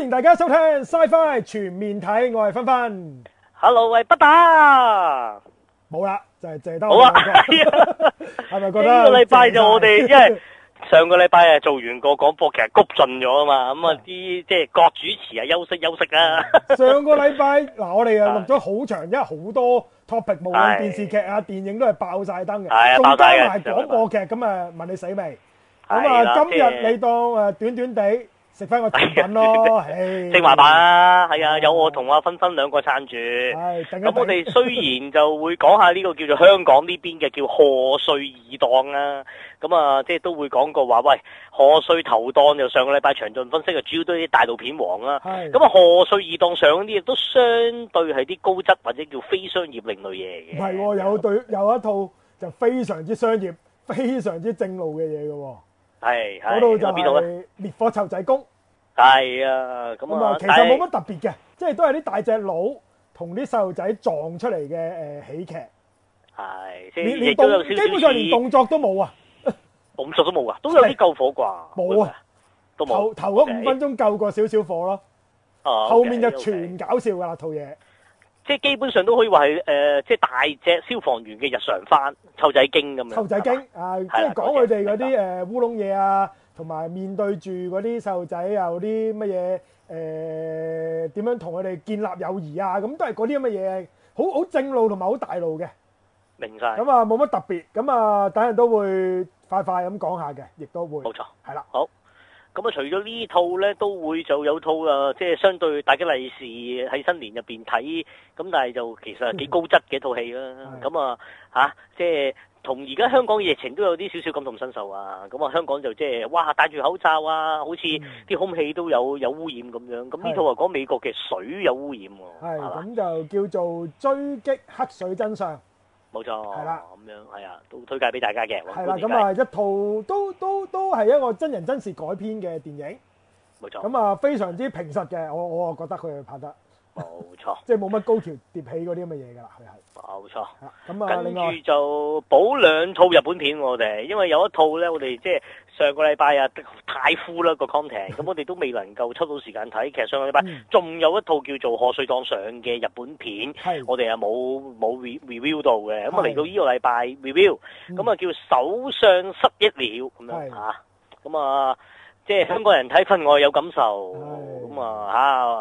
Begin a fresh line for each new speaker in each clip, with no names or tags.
歡迎大家收聽《Sci-Fi 全面睇》，我係分分。
Hello，喂，不打。
冇啦，就係謝得我。好啊。係咪覺得呢個禮拜就我哋，因為
上個禮拜啊做完個廣播劇，谷盡咗啊嘛，咁啊啲即係各主持啊休息休息啊。
上個禮拜嗱，我哋啊錄咗好長，因為好多 topic，無論電視劇啊、電影都係爆晒燈嘅，仲加埋廣播劇，咁啊問你死未？咁啊今日你當誒短短地。食翻個甜品咯，食麻麻啦、啊，
係啊，有我同阿芬芬兩個撐住。咁我哋雖然就會講一下呢個叫做香港呢邊嘅叫賀歲二檔啦。咁啊即係、就是、都會講過話喂賀歲頭檔就上個禮拜詳盡分析啊，主要都係啲大路片王啦、啊。咁啊賀歲二檔上嗰啲亦都相對係啲高質或者叫非商業另類嘢嚟
嘅。唔係有對有一套就非常之商業、非常之正路嘅嘢嘅喎。
係係，嗰度就係
烈火湊仔公。
係啊，咁啊，其實冇乜
特別嘅，即係都係啲大隻佬同啲細路仔撞出嚟嘅誒喜劇。係，連連動基本上連動作都冇啊，
動作都冇啊，都有啲救火啩？冇啊，頭頭
嗰五分鐘救過少少火咯，
後面就全
搞笑噶啦套嘢，
即係基本上都可以話係誒，即係大隻消防員嘅日常翻，湊仔經咁樣。湊仔經
啊，即係講佢哋嗰啲誒烏龍嘢啊。同埋面對住嗰啲細路仔，有啲乜嘢誒，點樣同佢哋建立友誼啊，咁都係嗰啲咁嘅嘢，好好正路同埋好大路嘅。
明曬。咁啊，
冇乜特別，咁啊等人都會快快咁講下嘅，亦都會。冇錯。係
啦。好。咁啊，除咗呢套咧，都會就有套啊，即係相對大嘅利是喺新年入邊睇，咁但係就其實幾高質嘅一套戲啦。咁啊吓，即係。同而家香港嘅疫情都有啲少少感同身受啊！咁啊，香港就即係哇，戴住口罩啊，好似啲空氣都有有污染咁樣。咁呢套啊講美國嘅水有污染喎，
啊，係嘛？咁就叫做追擊黑水真相，
冇錯，係啦，咁樣係啊，都推介俾大家嘅。係啦，咁啊，一
套都都都係一個真人真事改編嘅電影，冇錯。咁啊，非常之平實嘅，我我啊覺得佢拍得。冇錯， 即係冇乜高潮、疊起嗰啲咁嘅嘢噶啦，係、
嗯、係。冇、嗯、錯，咁啊，跟住就補兩套日本片我哋，因為有一套咧，我哋即係上個禮拜啊 太 full 啦、這個 content，咁我哋都未能夠抽到時間睇。其實上個禮拜仲、嗯、有一套叫做《賀歲檔上》嘅日本片，我哋啊冇冇 review 到嘅，咁啊嚟到呢個禮拜 review，咁、嗯、啊叫首相失憶了咁樣吓，咁啊。即係香港人睇分外有感受，咁啊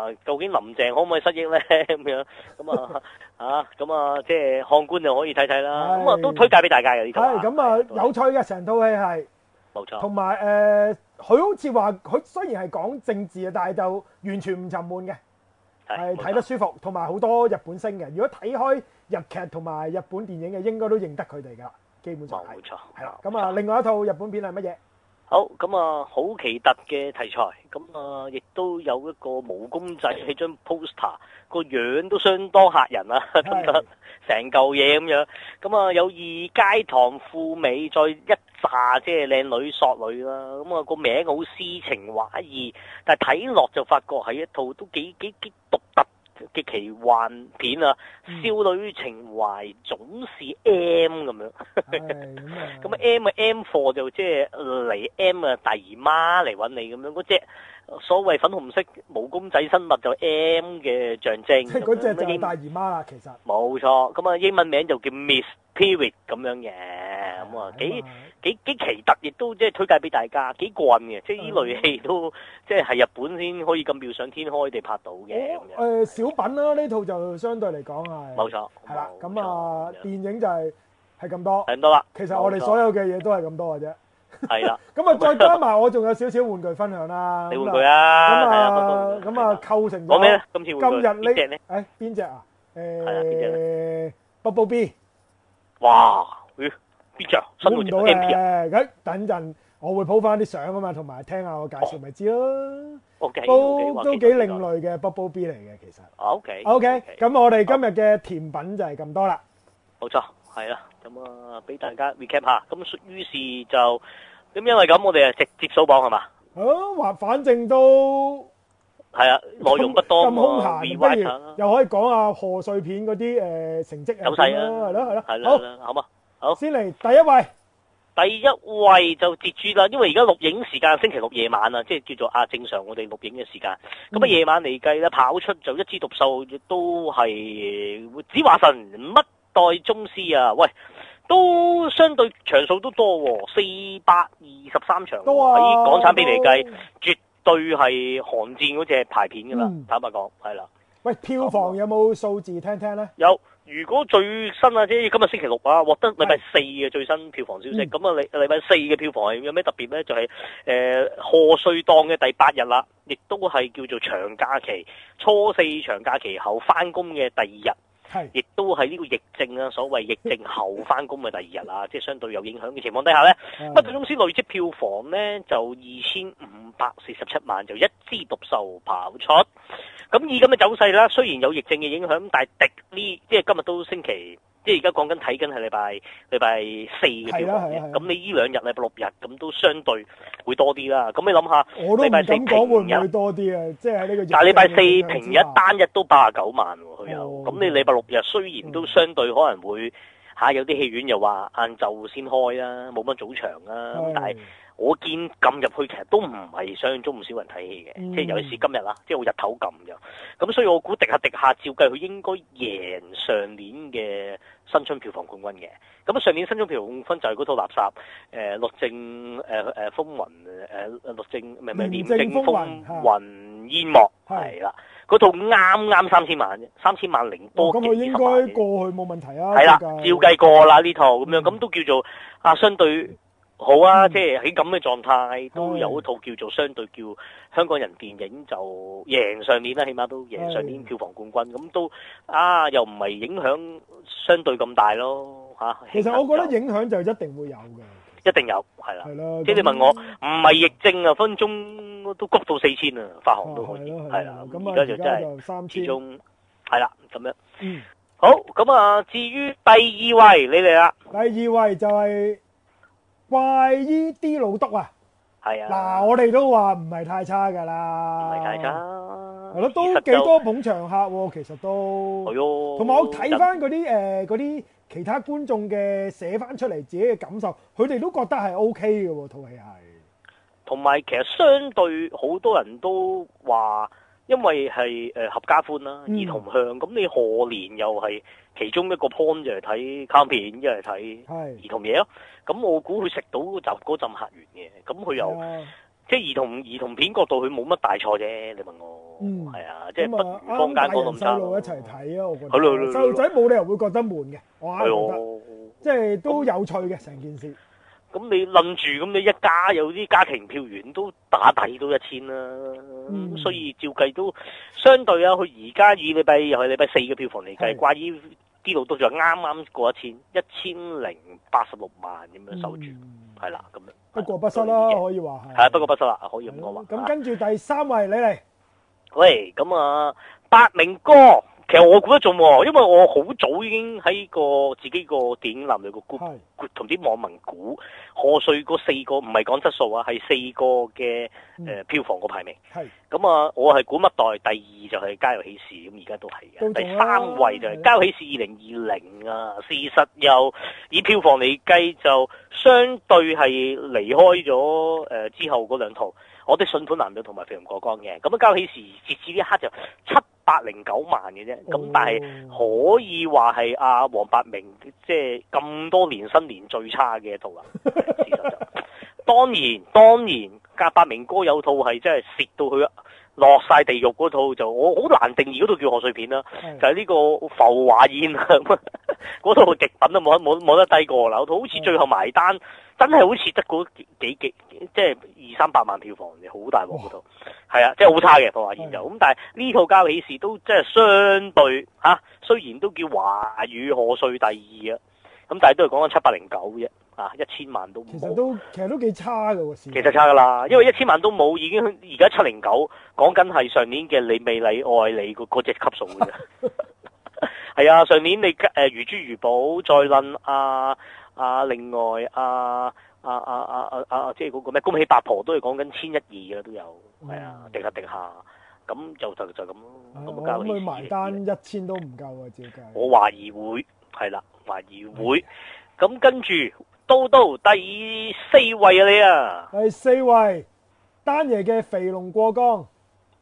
吓，究竟林鄭可唔可以失憶咧？咁樣，咁啊吓，咁啊即係看官就可以睇睇啦。咁啊都推介俾大家嘅呢套。係
咁啊，有趣嘅成套戲係，
冇錯。同
埋誒，佢好似話佢雖然係講政治啊，但係就完全唔沉悶嘅，係睇得舒服。同埋好多日本星嘅，如果睇開日劇同埋日本電影嘅，應該都認得佢哋噶啦，基本上係。冇錯。係啦。咁啊，另外一套日本片係乜嘢？
好，咁啊、嗯，好奇特嘅題材，咁啊亦都有一個毛公仔喺張 poster，個樣都相當嚇人啊，得成嚿嘢咁樣，咁、嗯、啊有二階堂富美再一炸，即係靚女索女啦，咁啊個名好詩情畫意，但睇落就發覺係一套都幾幾幾獨特。嘅奇幻片啊，少女情懷，總是 M 咁、嗯、樣。咁啊 M 啊 M 貨就即係嚟 M 啊大姨媽嚟揾你咁樣。嗰隻。M, M for, 所謂粉紅色毛公仔生物就 M 嘅象徵，即係嗰隻就
大姨媽啦，其實。
冇錯，咁啊英文名就叫 Miss Period 咁樣嘅，咁啊幾幾幾奇特，亦都即係推介俾大家，幾怪嘅，即係呢類戲都即係係日本先可以咁妙想天開地拍到嘅
咁樣。誒小品啦，呢套就相對嚟講係。冇錯。係啦，咁啊電影就係係咁多。係咁多啦。其實我哋所有嘅嘢都係咁多嘅啫。係啦，咁啊，再加埋我仲有少少玩具分享啦。你玩具啊？咁啊，咁啊，構成講咩咧？今日今日呢隻咧？誒，邊隻啊？誒，Bumblebee。
哇，B 隻啊，新到隻 MP 啊！
咁等陣我會鋪翻啲相啊嘛，同埋聽下我介紹咪知咯。OK，都都幾另類嘅 Bumblebee 嚟嘅，其實。OK，OK，咁我哋今日嘅甜品就係咁多啦。
冇錯，係啦，咁啊，俾大家 recap 下，咁於是就。咁因為咁，我哋啊直接掃榜係嘛？
好、哦、反正都
係啊，內容不多嘛，唔如
又可以講下賀歲片嗰啲誒成績走勢啊！係咯係咯，好，
啊、好嘛、啊，
好，先嚟第一位。
第一位就截住啦，因為而家錄影時間星期六夜晚啊，即係叫做啊正常我哋錄影嘅時間。咁啊夜晚嚟計啦，跑出就一枝獨秀，亦都係子華神乜代宗師啊！喂。都相對場數都多喎、哦，四百二十三場喺、哦啊、港產片嚟計，絕對係寒戰嗰隻排片㗎啦、嗯。坦白講，係啦。
喂，票房有冇數字聽聽咧？有、
哦，如果最新啊，即係今日星期六啊，獲得禮拜四嘅最新票房消息。咁、嗯、啊，禮拜四嘅票房係有咩特別咧？就係、是、誒、呃，賀歲檔嘅第八日啦，亦都係叫做長假期，初四長假期後返工嘅第二日。亦都係呢個疫症啊，所謂疫症後翻工嘅第二日啊，即係相對有影響嘅情況底下呢，不過公司累積票房呢就二千五百四十七萬就一枝獨秀跑出，咁以咁嘅走勢啦，雖然有疫症嘅影響，但係迪呢即係今日都星期。即係而家講緊睇緊係禮拜禮拜四嘅票房，咁你呢兩日禮拜六日咁都相對會多啲啦。咁你諗下，禮拜四平日
多啲啊，即係呢個但係禮拜四平日
單日都八十九萬喎，啊，佢、哦、又，咁你禮拜六日雖然都相對可能會、嗯、下有啲戲院又話晏晝先開啊，冇乜早場啊，咁、哎、但係。我見撳入去其實都唔係想像中唔少人睇戲嘅，即、嗯、係尤其是今日啦，即係好日頭撳咗。咁所以我估迪下迪下照計佢應該贏上年嘅新春票房冠軍嘅。咁上年新春票房冠軍就係嗰套垃圾誒、呃《律政誒誒、呃呃、風雲律政唔係唔廉政風雲煙幕係啦，嗰套啱啱三千萬三千萬零
多幾十萬。咁、哦、啊應該過去冇問題啊。係啦、就是，照計
過啦呢套咁、嗯、樣，咁都叫做啊相對。好啊，即係喺咁嘅狀態，都有一套叫做相對叫香港人電影就贏上年啦，起碼都贏上年票房冠軍咁都啊，又唔係影響相對咁大咯嚇。其實我
覺得影響就一定會有嘅，
一定有，係啦。係咯，即係你問我唔係疫症啊，分鐘都谷到四千啊，發行都可以，
係啦。咁而家就真係始終
係啦咁樣。嗯，好咁啊，至於第二位你嚟啦，
第二位就係。怪依啲老督啊！係啊，嗱我哋都話唔係太差㗎啦，唔係太差，係咯，都幾多捧場客喎，其實都。同埋我睇翻嗰啲誒嗰啲其他觀眾嘅寫翻出嚟自己嘅感受，佢哋都覺得係 O K 嘅喎，套戲係。
同埋其實相對好多人都話。因為係誒、呃、合家歡啦，兒童向咁，你賀年又係其中一個 point 就係睇卡通片，一係睇兒童嘢咯。咁我估佢食到集嗰陣客源嘅，咁佢又即係兒童兒童片角度，佢冇乜大錯啫。你問我，
係啊、嗯，即係不如坊間多咁細路一齊睇咯。我覺得細路仔冇理由會覺得悶嘅，我覺得即係都有趣嘅成、嗯、件事。
咁你楞住咁，你一家有啲家庭票源都打底都一千啦、啊，咁、嗯、所以照計都相對啊。佢而家以禮拜、又係禮拜四嘅票房嚟計，關於啲路都仲啱啱過一千，一千零八十六萬咁樣守住，係、嗯、啦咁樣。
不過不失啦，可以話係。係
不過不失啦，可以咁講話。
咁跟住第三位你嚟，
喂，咁啊，八名哥。其實我估得中喎，因為我好早已經喺個自己個電影欄目個估，同啲網民估賀歲嗰四個，唔係講質素啊，係四個嘅誒、呃、票房個排名。咁啊，我係估乜代？第二就係《家有喜事》，咁而家都係嘅。第三位就係《家有喜事二零二零》啊。事實又以票房嚟計，就相對係離開咗誒、呃、之後嗰兩套，我啲信款難料同埋肥唔過江嘅。咁啊，《家有喜事》截至呢一刻就七。八零九萬嘅啫，咁、嗯、但係可以話係阿黃百鳴，即係咁多年新年最差嘅一套啦、其
實
就。當然當然，加百鳴哥有套係真係蝕到佢落晒地獄嗰套就我好難定義嗰套叫賀歲片啦，就係、是、呢個《浮華宴》嗰 套極品，都冇冇冇得低過啦，嗰套好似最後埋單，真係好似得嗰幾幾即係二三百萬票房嘅，好大鑊嗰套，係啊，即係好差嘅《浮華宴》就咁，但係呢套《家有喜事》都即係相對嚇、啊，雖然都叫華語賀歲第二啊，咁但係都係講緊七百零九啫。啊！一千萬都冇，其實
都其實都幾差㗎喎。其實差㗎啦，
因為一千萬都冇，已經而家七零九講緊係上年嘅你咪理我愛你嗰隻級數嘅啫。係啊，上年你如珠如寶，再論啊，啊。另外啊，啊啊啊，啊，啊，啊即係嗰個咩恭喜八婆都係講緊千一二嘅都有，
係、嗯、啊，定
下定下，咁就就就咁
咯。咁、嗯、去埋單一千都唔夠啊！
我懷疑會係啦，懷疑會咁、啊、跟住。都都第四位啊，你啊，
第四位，丹爺嘅肥龍過江，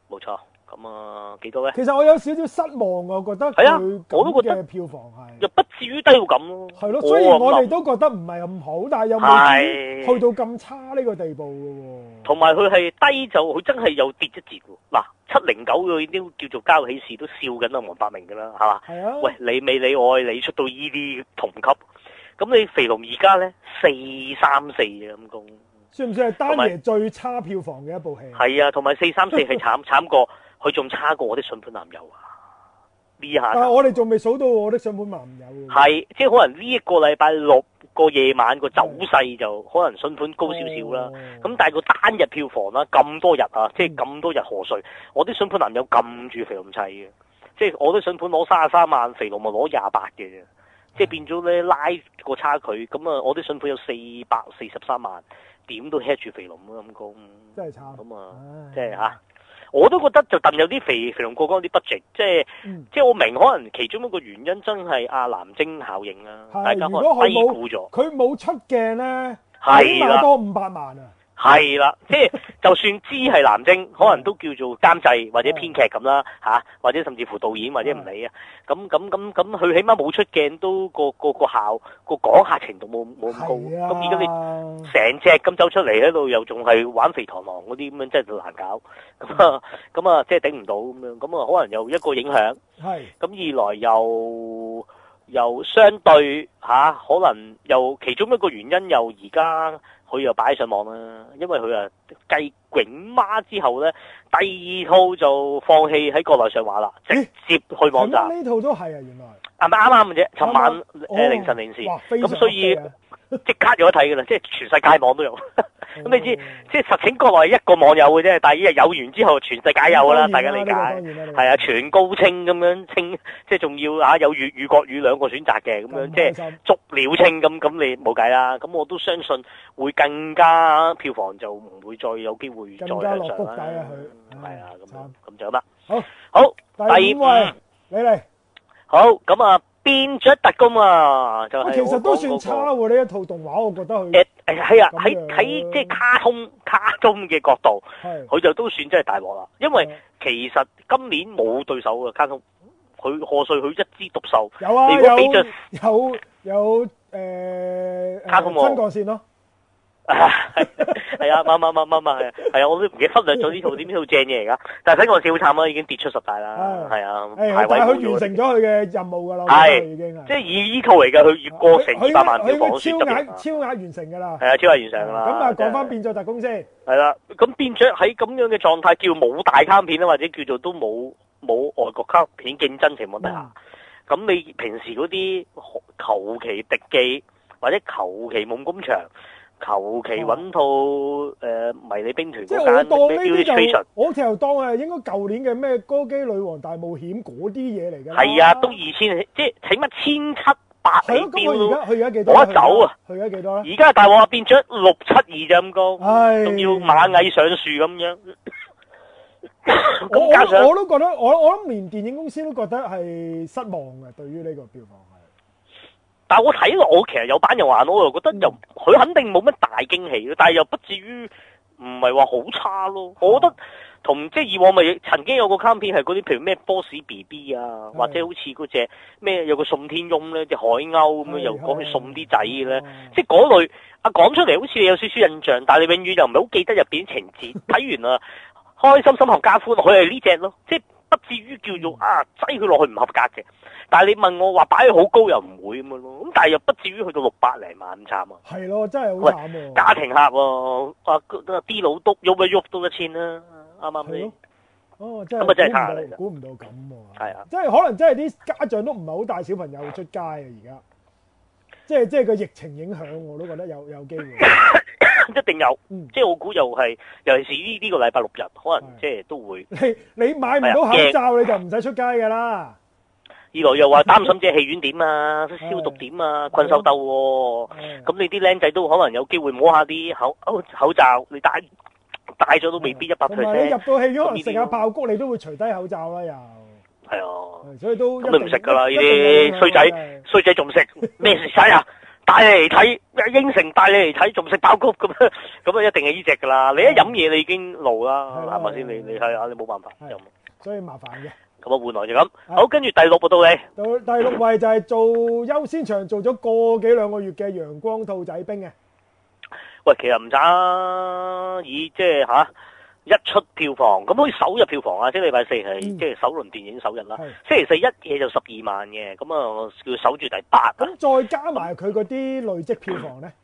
冇錯，咁啊，幾多咧？其
實我有少少失望，我覺得係啊，我，覺又不啊我都覺得票房係又
不至於低到咁咯，係咯。雖然我哋都
覺得唔係咁好，但係有冇去到咁差呢個地步嘅？
同埋佢係低就佢真係又跌一截喎。嗱，啊，七零九佢都叫做交起事都笑緊啊黃百鳴噶啦，係嘛？係啊。喂，你未理我，你出到呢啲同級。咁你肥龍而家咧四三四嘅咁公，
算唔算係單日最差票房嘅一部戲？
係啊，同埋四三四係慘慘 過，佢仲差過我啲筍盤男友啊！
呢下，但係我哋仲未數到我啲筍盤男友。係、啊
啊，即係可能呢一個禮拜六個夜晚個走勢就可能筍盤高少少啦。咁但係個單日票房啦，咁多日啊，嗯、即係咁多日何歲我啲筍盤男友撳住肥龍砌嘅，即係我啲筍盤攞三十三萬，肥龍咪攞廿八嘅啫。即係變咗咧，拉個差距，咁啊，我啲信款有四百四十三萬，點都吃住肥龍咁高，嗯，
真係慘，咁啊，哎、
即係吓、啊，我都覺得就等有啲肥肥龍過江啲 budget，即係、嗯、即係我明，可能其中一個原因真係阿、啊、藍晶效應啊，
啊，大家可以低估咗。佢冇出鏡咧，係、啊。多五百萬啊！係啦，
即係就算知係男精，可能都叫做監製或者編劇咁啦吓，或者甚至乎導演或者唔理啊。咁咁咁咁，佢起碼冇出鏡都個個個效個講客程度冇冇咁高。咁而家你成隻咁走出嚟喺度，又仲係玩肥螳螂嗰啲咁樣，真係難搞咁啊！咁啊，即係頂唔到咁樣，咁啊，可能又一個影響係咁，二來又。又相對嚇、啊，可能又其中一個原因，又而家佢又擺上網啦，因為佢啊繼囧媽之後咧，第二套就放棄喺國內上畫啦，直接去網站。咁
呢套都係啊，原來
啊咪啱啱嘅啫，尋晚誒、呃呃、凌晨零時咁，啊、所以。即刻有得睇噶啦，即係全世界網都有。咁、嗯、 你知，即係實情國內一個網友嘅啫。但係依日有完之後，全世界有啦、啊，大家理解。係啊、這個、啊、啊，全高清咁樣清，即係仲要啊，有粵語、國語兩個選擇嘅咁樣，即係足料清咁。咁你冇計啦。咁我都相信會更加票房就唔會再有機會再上啦。係啊，咁、啊、咁、啊啊、就啦。
好，好，第二位，你嚟。
好，咁啊。變咗特工啊！就係、是那個，其實都算差
喎呢一套動畫，我覺得佢。誒誒係啊，喺喺即
係卡通卡通嘅角度，佢、啊、就都算真係大鑊啦。因為其實今年冇對手嘅卡通，佢何歲賀歲佢一枝獨秀。有啊有。有，有、呃、
卡通誒，新幹線咯、啊。
係 係 啊，嘛嘛嘛嘛嘛係啊，係啊，我都唔記得忽略咗呢套，呢套正嘢嚟㗎。但係睇我笑慘啦，已經跌出十大啦。係 啊，排位佢完
成咗佢嘅任務噶咯，係即係
以依靠嚟噶，佢越過成二百萬票房
超額完成噶啦。
係啊，超額完成噶啦。咁啊，講
翻變咗特工先。
係啦，咁變咗喺咁樣嘅狀態，叫冇大卡片啊，或者叫做都冇冇外國卡片競爭情況下，咁、嗯啊、你平時嗰啲求其迪記或者求其夢工場。求其揾套誒迷你兵團，即係我當呢啲就
我其實當係應該舊年嘅咩《歌姬女王大冒險》嗰啲嘢嚟嘅。係啊，都
二千，即係請乜千七
百幾標都。我走啊！去咗幾多咧？而家大
王變咗六七二就咁高，仲要螞蟻上樹咁樣。咁加上我都
覺得，我我諗連電影公司都覺得係失望嘅，對於呢個票房。
但係我睇落，我其實有班人話咯，我又覺得又佢肯定冇乜大驚喜，但又不至於唔係話好
差咯。啊、我覺
得同即係以往咪曾經有個卡通片係嗰啲，譬如咩波士 B B 啊，或者好似嗰隻咩有個宋天翁咧，隻海鷗咁樣又講去送啲仔咧，即嗰類。啊，講出嚟好似你有少少印象，但你永遠又唔係好記得入邊情節。睇 完啊，開心心合家歡，佢係呢隻咯，即係不至於叫做啊擠佢落去唔合格嘅。但係你問我話擺好高又唔會咁樣咯，咁但係又不至於去到六百零萬咁慘啊？
係咯，真係好慘，家庭
客喎、啊，啊啲老篤喐一喐都得到一千啦、啊，啱、啊、啱哦，咁咪
真係慘嚟！真係估唔到咁係啊，即係可能真係啲家長都唔係好帶小朋友出街啊！而家即係即係個疫情影響，我都覺得有有機會，
一定有。嗯、即係我估又係，尤其是呢呢個禮拜六日，可能即係都會。
你你買唔到口罩你就唔使出街噶啦。
二來又話擔心啲戲院點啊，消毒點啊，困獸鬥喎、啊。咁你啲僆仔都可能有機會摸下啲口，口罩，你戴戴咗都未必一百 percent。同埋你入
到戲院食下爆谷，都你都會除低口罩啦又。係啊。所以都咁你唔食噶啦呢啲衰仔，
衰仔仲食咩食晒啊？ 帶嚟睇應承，應帶嚟睇仲食爆谷咁，咁啊一定係呢隻噶啦。你一飲嘢你已經勞啦，係咪先？你你係啊，你冇辦法飲。
所以麻煩嘅。
換來就咁好，跟住第六部到你。
第六位就係做優先場，做咗個幾兩個月嘅《陽光兔仔兵》啊。
喂，其實唔差，以即係吓一出票房，咁可以首日票房啊，即係禮拜四係即係首輪電影首日啦。嗯。星期四一嘢就十二萬嘅，咁啊叫守住第
八。咁再加埋佢嗰啲累積票房咧？嗯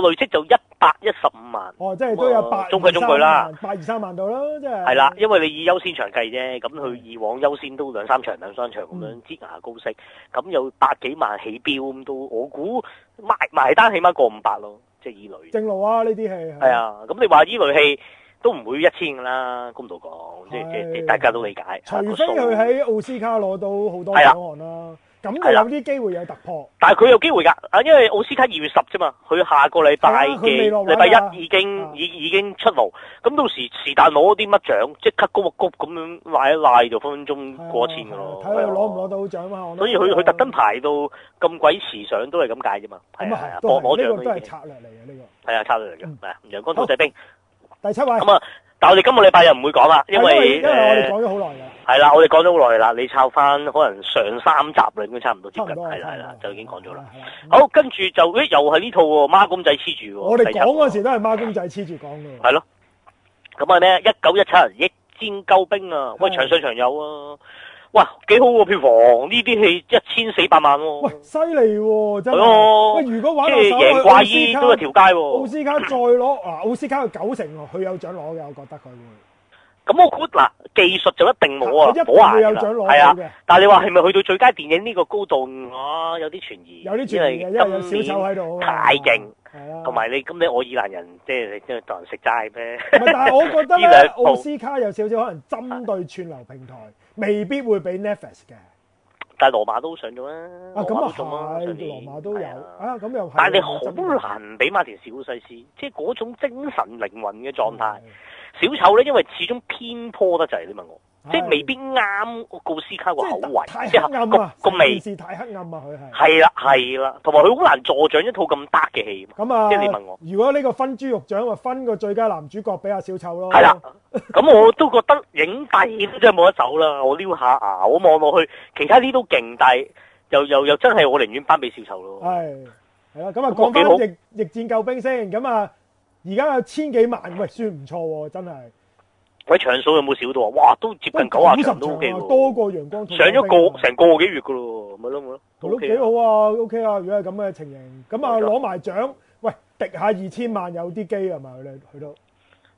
我累積就一百一十五萬，哦，
即係都有百中規中矩啦，百二三萬度啦，即係。係啦，
因為你以優先場計啫，咁佢以往優先都兩三場兩三場咁樣，嗯、擠牙膏式，咁有百幾萬起標咁都，我估
埋埋單
起碼過五百咯，即係以類。
正路啊，呢啲戲。係啊，咁你話依類戲
都唔會一千㗎啦，公道講，即係即係大家都理
解。除非佢喺奧斯卡攞到好多獎項啦。係啦，有啲機會有突破的的，
但係佢有機會噶，啊，因為奧斯卡二月十啫嘛，佢下個禮拜嘅禮拜一已經已已經出爐，咁到時是但攞啲乜獎，即刻谷一谷咁樣拉一拉就分分鐘過千噶咯，睇佢攞唔攞
到獎嘛，所以佢佢特
登排到咁鬼時上都係咁解啫嘛，係啊，搏攞獎都係。係啊、這個這個，策略嚟嘅。唔係啊，陽光兔仔兵。第七位。嗯我哋今個禮拜又唔會講啦，因為誒，係啦、嗯，我哋講咗好耐啦。你抄返可能上三集啦，應該差唔多接近係
啦，就已經講咗啦。好，
跟住就誒，又係呢套喎，孖公仔黐住喎。我哋講
嗰陣時都係孖公仔黐
住講嘅。係咯，咁啊咩？一九一七人一戰救兵啊，喂，常上常有啊。哇，幾好喎！票房呢啲戲一千四百萬喎、啊。
喂，犀利喎，係咯。喂、啊，如果玩到手贏，怪都係條街喎、啊！奧斯卡再攞嗱，奧、啊、斯卡有九成，佢有獎攞嘅，我覺得佢會。
咁我估嗱，技術就一定冇啊，一定會有獎攞，係啊。但係你話係咪去到最佳電影呢個高度？有啲存疑，有啲存
疑，因為有小丑喺度、啊，太
勁。同埋、啊、你咁你《愛爾蘭人》，即係即係當人食齋咩？ 但係我覺得咧，奧斯
卡有少少可能針對串流平台，啊、未必會比 Netflix 嘅。
但係羅馬都上咗啦，咁啊，啊上年
羅馬都有啊，咁、啊啊、又係但係你好難
比馬田小西斯，即係嗰種精神靈魂嘅狀態。啊、小丑咧，因為始終偏頗得滯，你問我。即係未必
啱奧斯卡個口味，即係個個味太黑暗啊！故事太黑暗啊！佢係係
啦係啦，同埋佢好難助長一套咁得嘅戲。咁啊，即係你問我，
如果呢個分豬肉獎，話分個最佳男主角俾阿小丑咯。係啦，
咁我都覺得影帝真係冇得走啦。我呢下啊，我望落去，其他啲都勁，但係又又又真係我寧願頒俾小丑咯。
係係啦，咁啊講翻《逆戰救兵》先，咁啊而家有千幾萬，喂算唔錯喎，真係。
喂，場數有冇少到啊？哇，都接近九啊場都
O K 上咗個
成個幾月噶咯，咪咯咪咯，O K 幾好
啊，O K 啊。如果係咁嘅情形，咁啊攞埋獎，喂，滴下二千萬有啲機係咪？佢都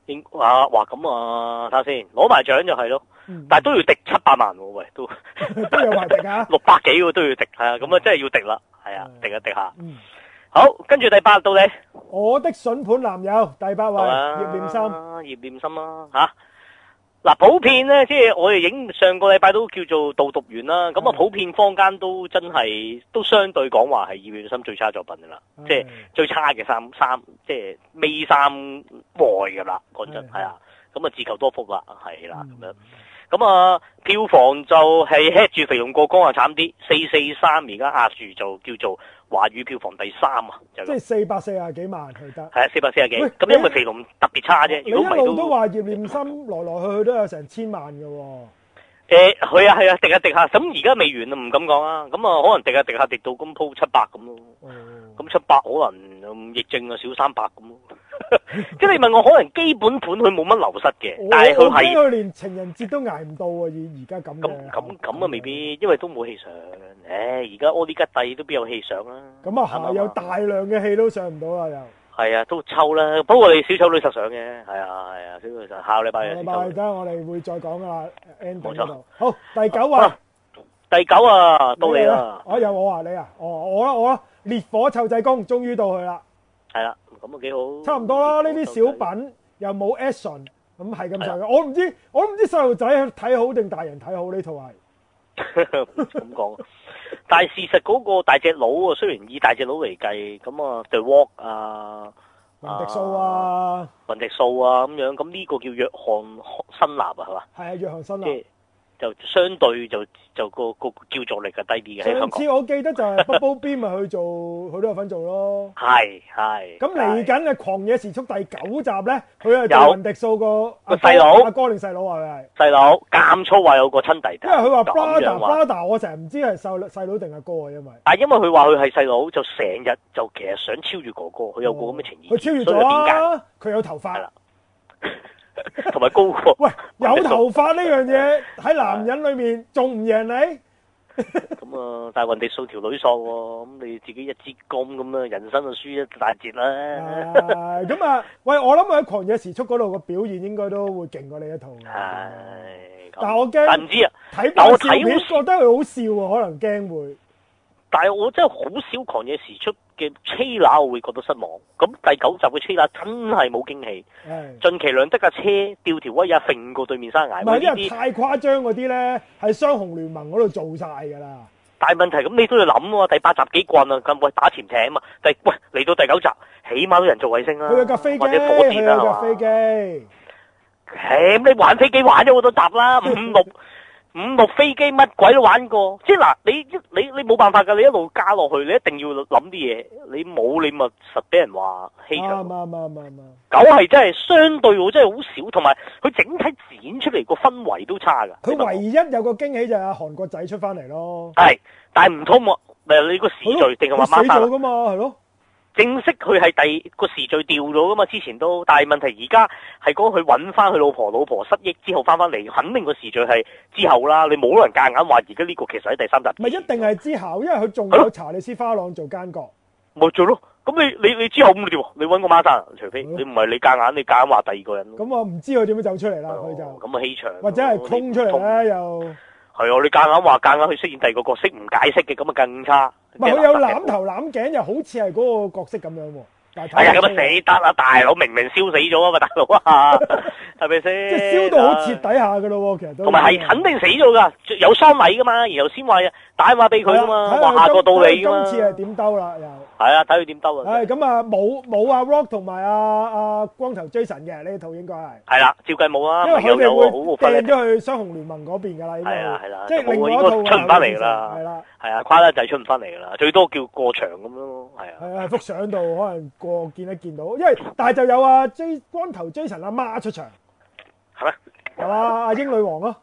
應啊！哇，咁啊，睇下先，攞埋獎就係咯、嗯。但係都要滴七百萬喎、啊，喂，都
都有話滴㗎。
六百幾喎都要滴。係、嗯、啊，咁啊真係要滴啦，係啊，啊，滴一下，滴、嗯、下。
好，跟住第八到你，我的筍盤男友第八位、啊、葉念心，
葉念心啦、啊
嗱，普遍咧，即
係我哋影上個禮拜都叫做導讀完啦，咁啊普遍坊間都真係都相對講話係葉月心最差作品噶啦、
okay.，即係最
差嘅三三即係尾三外噶啦，嗰陣係啊，咁啊自求多福啦，係啦咁樣，咁啊票房就係食住肥龍過江啊慘啲，四四三而家壓住就叫做。華語票房第三，就是，是是是啊，即係四
百四十幾萬。係得。
係啊，四百四十幾。咁因為肥龍特別差啫，你一路都
話葉念琛來來去下去都有成千萬噶。誒、欸，
佢啊係啊，跌下跌下，咁而家未完啊，唔敢講啊。咁啊，可能跌下跌下跌到咁鋪七百咁咯。哦，咁七百可能疫症啊，少三百咁咯。即係你問我可能基本盤佢冇乜流失嘅，但係佢係佢
連情人節都挨唔到啊！而而家咁嘅
咁咁咁啊，未必，因為都冇戲上。誒，而家屙啲吉帝都邊有戲上啊？
咁啊係，有大量嘅戲都上唔到啦，又
係啊，都抽啦。不過我哋小丑女實上嘅，係啊係啊，小丑女下禮拜下禮
拜，我哋會再講啊。冇錯，好，第九位，
第九啊，到你啦。
哦，有我啊，你啊，哦，我啦我啦，烈火湊仔公終於到佢啦。
係啦，咁啊幾好。
差唔多啦，呢啲小，小品又冇 action，咁係咁細嘅。我唔知，我唔知細路仔睇好定大人睇好呢套啊。
咁 講麼， 但係事實嗰個大隻佬啊，雖然以大隻佬嚟計，咁啊 The Walk 啊，啊，
雲迪素啊，啊，
雲迪素啊咁樣，咁呢個叫約翰辛納啊，係嘛？
係啊，約翰辛納。就是
就相對就就個個叫作力係低啲嘅。上次我
記得就係 Bumblebee 咪去做，佢都有份做咯。係係。咁嚟緊嘅《狂野時速》第九集咧，佢係有，雲迪素個個細佬阿弟弟，哥定細佬係咪？
細佬咁粗，話有個親弟弟。因為佢話 Brother
我成日唔知係細佬佬定阿哥啊，因為。
但因為佢話佢係細佬，就成日就其實想超越哥哥，佢有個咁嘅情意。佢超越咗啊！
佢有頭髮啦。
同 埋有高過，
喂，有頭髮呢樣嘢喺男人裏面仲唔贏你？
咁 啊，但係人哋數條女數喎，啊，咁你自己一支公，咁啊，人生就輸一大截啦，
啊。咁 啊，啊，喂，我諗喺狂野時速嗰度嘅表現應該都會勁過你一套。係，但係我驚唔知啊。睇我笑，覺得佢好笑喎，啊，可能驚會。但係我真係
好少狂野時速。嘅車乸會覺得失望，咁第九集嘅車乸真係冇驚喜。近期量得架車掉條威啊，揈過對面山崖。唔係呢啲
太誇張嗰啲咧，係雙雄聯盟嗰度做晒㗎啦。
大問題咁，你都要諗喎。第八集幾棍啊？咁喂打潛艇啊嘛。喂嚟到第九集，起碼都有人做衛星啦，
或者火箭啊，係嘛？飛
機，咁你玩飛機玩咗好多集啦，五六。 5, 6, 五六飛機乜鬼都玩過，即係嗱，你一你你冇辦法㗎，你一路加落去，你一定要諗啲嘢，你冇你咪實俾人話
氣場。啱啱啱啱狗係
真係相對，真係好少，同埋佢整體展出嚟個氛圍都差㗎。佢唯
一有一個驚喜就係韓國仔出翻嚟咯。係，
但係唔通我你個時序定係話媽媽㗎嘛？係囉。正式佢係第個時序掉咗噶嘛？之前都，但係問題而家係講佢揾翻佢老婆，老婆失憶之後翻翻嚟，肯定個時序係之後啦。你冇可能夾硬話而家呢個其實喺第三集。咪、
嗯、一定係之後，因為佢仲有查理斯花朗做奸角，
咪做咯。咁、 就是、你你你之後唔調，你揾個孖生除非、嗯、你唔係你夾硬、硬，你夾硬話第二個人。
咁我唔知佢點樣走出嚟、就是、啦。佢就
咁啊，氣場或者係空出嚟咧又係哦。你夾硬話夾硬、硬去飾演第二個角色，唔解釋嘅咁啊，更差。
唔係，佢有攬頭攬頸，又好似係嗰個角色咁樣。但、哎、係，係啊，咁
啊死得啦！大佬 明明燒死咗啊嘛，大佬啊，係咪先？即係燒到好徹
底下噶咯，其實都同埋係肯
定死咗噶，有三位噶嘛，然後先話。打電話俾佢嘛，下個到你嘛，今次係
點兜啦？又
係啊，啊，睇佢點兜啊！哎，
咁啊，冇冇啊 Rock 同埋阿阿光頭 Jason 嘅呢套應該係
係啦，照計冇啊，因為佢哋會借咗
去雙雄聯盟嗰邊噶啦，係啊，係啦，即係永嗰套，套出唔翻嚟噶啦，
係啦，係啊，誇得就係出唔翻嚟噶啦，最多叫過場咁樣咯，
係啊，係啊，幅相度可能過見一見到，因為但係就有啊 Jason 光頭 Jason 阿媽出場，係咩？有啊，阿英女王咯，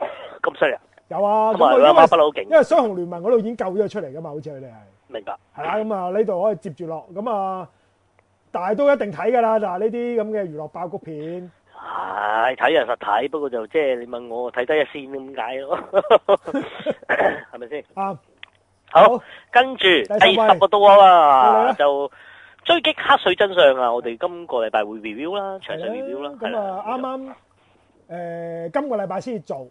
啊，咁犀利！ 有啊，因為因為雙雄聯盟嗰度已經救咗出嚟噶嘛，好似佢哋係。明白。係啊，咁啊呢度可以接住落，咁啊，但係都一定睇噶啦，嗱呢啲咁嘅娛樂爆谷片。
係睇又實睇，不過就即係你問我睇低一線咁解咯，係咪先？啊，好，跟
住第十個到啦，
就追擊黑水真相啊！我哋今個禮拜會 review 啦，詳細 review 啦。咁啊
啱啱誒今個禮拜先做。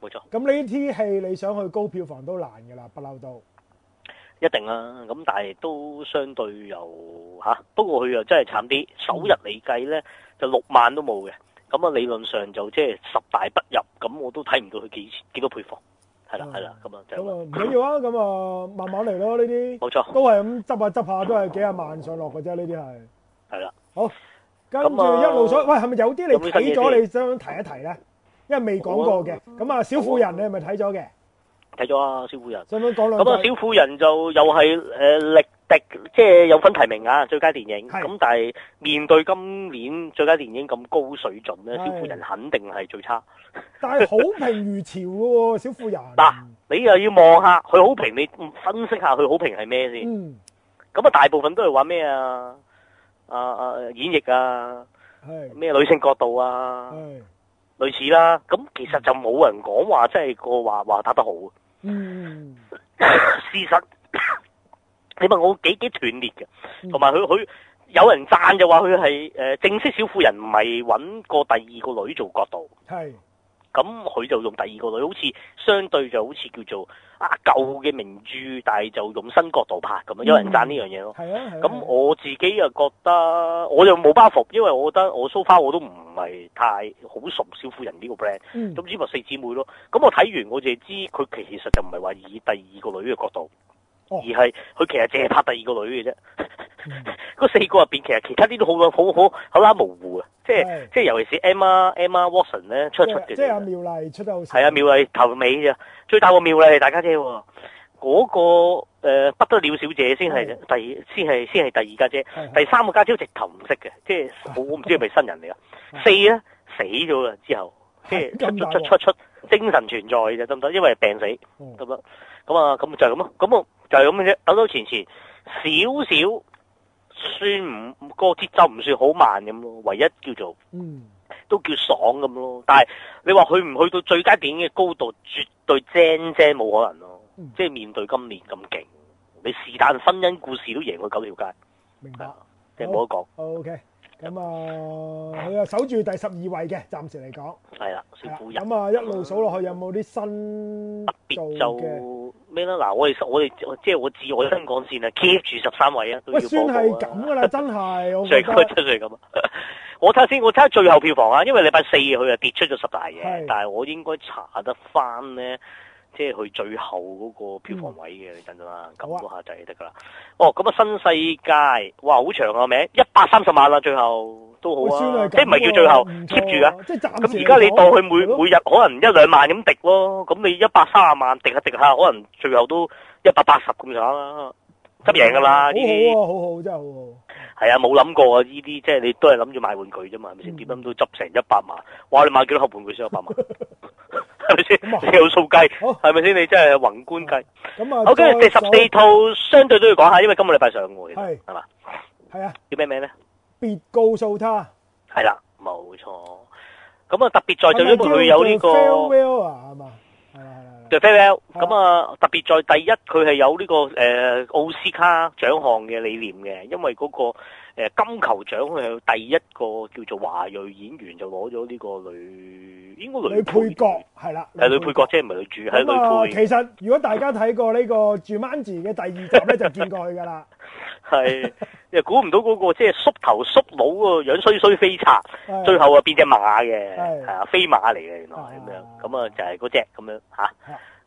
冇錯，咁呢啲戲你想去高票房都難㗎啦，不嬲都。
一定啦、啊，咁但係都相對又吓、啊，不過佢又真係慘啲，首日嚟計咧就六萬都冇嘅，咁啊理論上就即係十大不入，咁我都睇唔到佢幾幾多票房，係啦
係啦，咁啊唔緊要啊，咁 啊慢慢嚟咯呢啲，冇錯，都係咁執下執下，都係幾廿萬上落嘅啫，呢啲係，係啦，好，跟住一路所、嗯，喂係咪有啲你睇咗你想提一提咧？因為未講過嘅，咁啊那小婦人你係咪睇咗嘅？睇咗啊，小婦人。咁樣講兩句。咁啊小婦人
就又係誒力敵，即係有分提名啊最佳電影。咁但係面對今年最佳電影咁高水準咧，小婦人肯定係最差。
但係好評如潮喎、啊， 小婦人。嗱，
你又要望下佢好評，你分析下佢好評係咩先？咁、嗯、啊，大部分都係話咩啊？啊啊演繹啊，咩、啊、女性角度啊？類似啦，咁其實就冇人講話，真係個話話打得好嗯， 事實你問我幾幾斷裂嘅，同埋佢佢有人贊就話佢係誒正式小婦人，唔係搵個第二個女做角度係。咁佢就用第二個女，好似相對就好似叫做啊舊嘅名著，但係就用新角度拍咁、嗯、有人贊呢樣嘢咯。係、嗯、啊，咁我自己又覺得，我又冇包袱，因為我覺得我 so far 我都唔係太好熟小婦人呢個 brand，咁知咪四姊妹咯。咁我睇完我就知佢其實就唔係話以第二個女嘅角度。而係佢、哦、其實淨係拍第二個女嘅啫，嗰四個入邊其實其他啲都好好好好啦模糊啊，
即係即
係尤其是 Emma Emma Watson 咧出出嘅，即係
妙麗出得好的是、啊，係啊妙
麗頭尾咋，最大個妙麗大家姐喎、哦，嗰、那個誒、呃、不得了小姐先係、嗯、第先係先係第二家姐，姐，嗯、第三個家姐我直頭唔識嘅，即係我唔知係咪新人嚟啊，嗯、四咧死咗啦之後，嗯、即係出出出出出精神存在嘅得唔得？因為病死得唔得？咁啊咁就係咁咯，咁我。就係咁嘅啫，走走前前，少少算，那個、周算唔個節奏唔算好慢咁咯，唯一叫做，嗯、都叫爽咁咯。但係你話去唔去到最佳電影嘅高度，絕對正正冇可能咯、嗯。即係面對今年咁勁，你是但婚姻故事都贏過九條街。
明白，即係冇得講。O K，咁啊守住第十二位嘅，暫時嚟講
係啦，小婦人。
咁啊一路數落去有有，有冇啲新特別做
嗱、啊，我哋我哋即係我自我香港先啊，keep 住十三位啊，都要
幫、啊、喂，算係咁噶啦，真係，最係出
出係咁啊！我睇下先，我睇下最後票房啊，因為禮拜四佢啊跌出咗十大嘅，但係我應該查得翻咧，即係佢最後嗰個票房位嘅，等咋啦，咁多下仔得噶啦。哦，咁啊，新世界，哇，好長個、啊、名，一百三十萬啦、啊，最後。都好啊，啊即係唔係叫最後 keep、啊、住噶、啊？
咁而家你
當佢每每日可能一兩萬咁滴咯，咁你一百三十萬滴下滴下，可能最後都一百八十咁上下啦，執贏噶啦呢啲，好好，好好，真
係好
好。係啊，冇諗過啊，呢啲即係你都係諗住買玩具啫嘛，係咪先點樣都執成一百萬？哇，你買幾多盒玩具先一百萬？係咪先？你有數計，係咪先？你真係宏觀計。
咁、嗯、啊，OK，第十四
套相對都要講下，因為今個禮拜上喎，
其實係嘛？係啊，叫咩名咧？別告訴他，
係啦，冇錯。咁啊，特別在就因為佢有呢個，係嘛，The Farewell，咁啊，吧 out，特別在第一，佢係有呢個誒奧斯卡獎項嘅理念嘅，因為嗰個誒金球獎係第一個叫做華裔演員就攞咗呢個女，
應該女配角係啦，係女配
角，即係唔係女主係、嗯、女配角，其
實如果大家睇過呢個《Jumanji 嘅第二集咧，就見過去噶啦。
係又估唔到嗰、那個即係縮頭縮腦嗰個樣衰衰飛賊，最後啊變隻馬嘅係啊飛馬嚟嘅原來咁樣，咁啊樣就係嗰隻咁樣吓，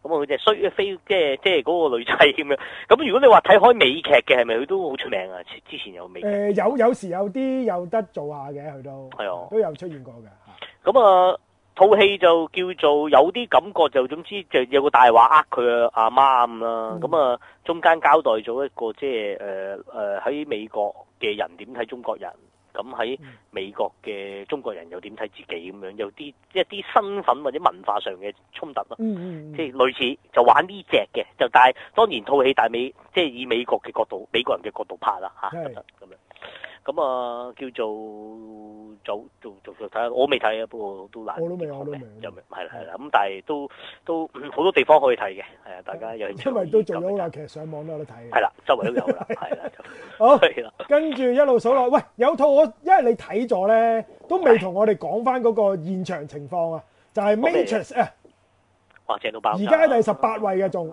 咁啊佢隻、那個、衰飛即係即係嗰個女仔咁樣。咁如果你話睇開美劇嘅，係咪佢都好出名啊？之前有美劇、
呃、有有時有啲有得做下嘅，佢都係哦都有出現過嘅
吓。咁、嗯嗯、啊。套戲就叫做有啲感覺，就總之就有個大話呃佢阿媽咁、啊、啦。咁啊，中間交代咗一個即係誒誒喺美國嘅人點睇中國人，咁喺美國嘅中國人又點睇自己咁樣，有啲一啲身份或者文化上嘅衝突啦，即係類似就玩呢隻嘅，就但係當然套戲大美即係以美國嘅角度、美國人嘅角度拍啦、啊、樣咁啊，叫做做做做睇下，我未睇啊，不過都難。我，
有我有都未我都明，
係啦係啦，咁但係都都好多地方可以睇嘅，係啊，大家有興趣。
因為都做咗啦，其實上網都有得睇。係啦，
周圍都有啦，係 啦。
好，跟住一路數落，喂，有套我，因為你睇咗咧，都未同我哋講翻嗰個現場情況啊，就係 Matrix 啊，哇，正
到爆！而家喺
第十八位嘅仲。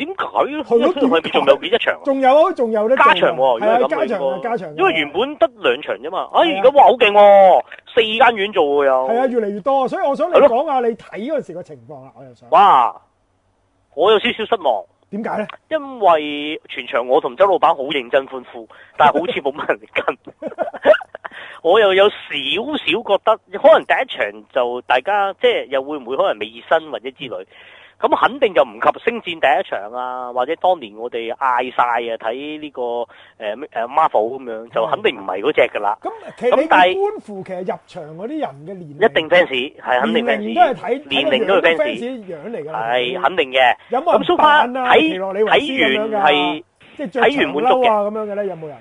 點解、啊？如果推到後面仲有幾多場？
仲有，仲有呢？加場喎。如果係咁嘅話，因為
原本得兩場啫嘛。哎，而家哇，好勁喎！四間院做又係啊，
越嚟越多。所以我想你講下你睇嗰陣時嘅情況啊。我
又想。哇！我有少少失望。
點解咧？因
為全場我同周老闆好認真歡呼，但係好似冇乜人跟。 我又有少少覺得，可能第一場就大家即係又會唔會可能未熱身或者之類。咁肯定就唔及星戰第一場啊，或者當年我哋嗌晒啊睇呢個誒誒、呃、Marvel 咁樣就肯定唔係嗰隻㗎啦。咁
咁但係官乎其實入場嗰啲人嘅年齡一定 fans 係肯定嘅，年睇年齡都係 fans 樣嚟㗎係肯
定嘅。有冇舒華睇睇完係
即係完滿足嘅，咁樣嘅咧？有冇人？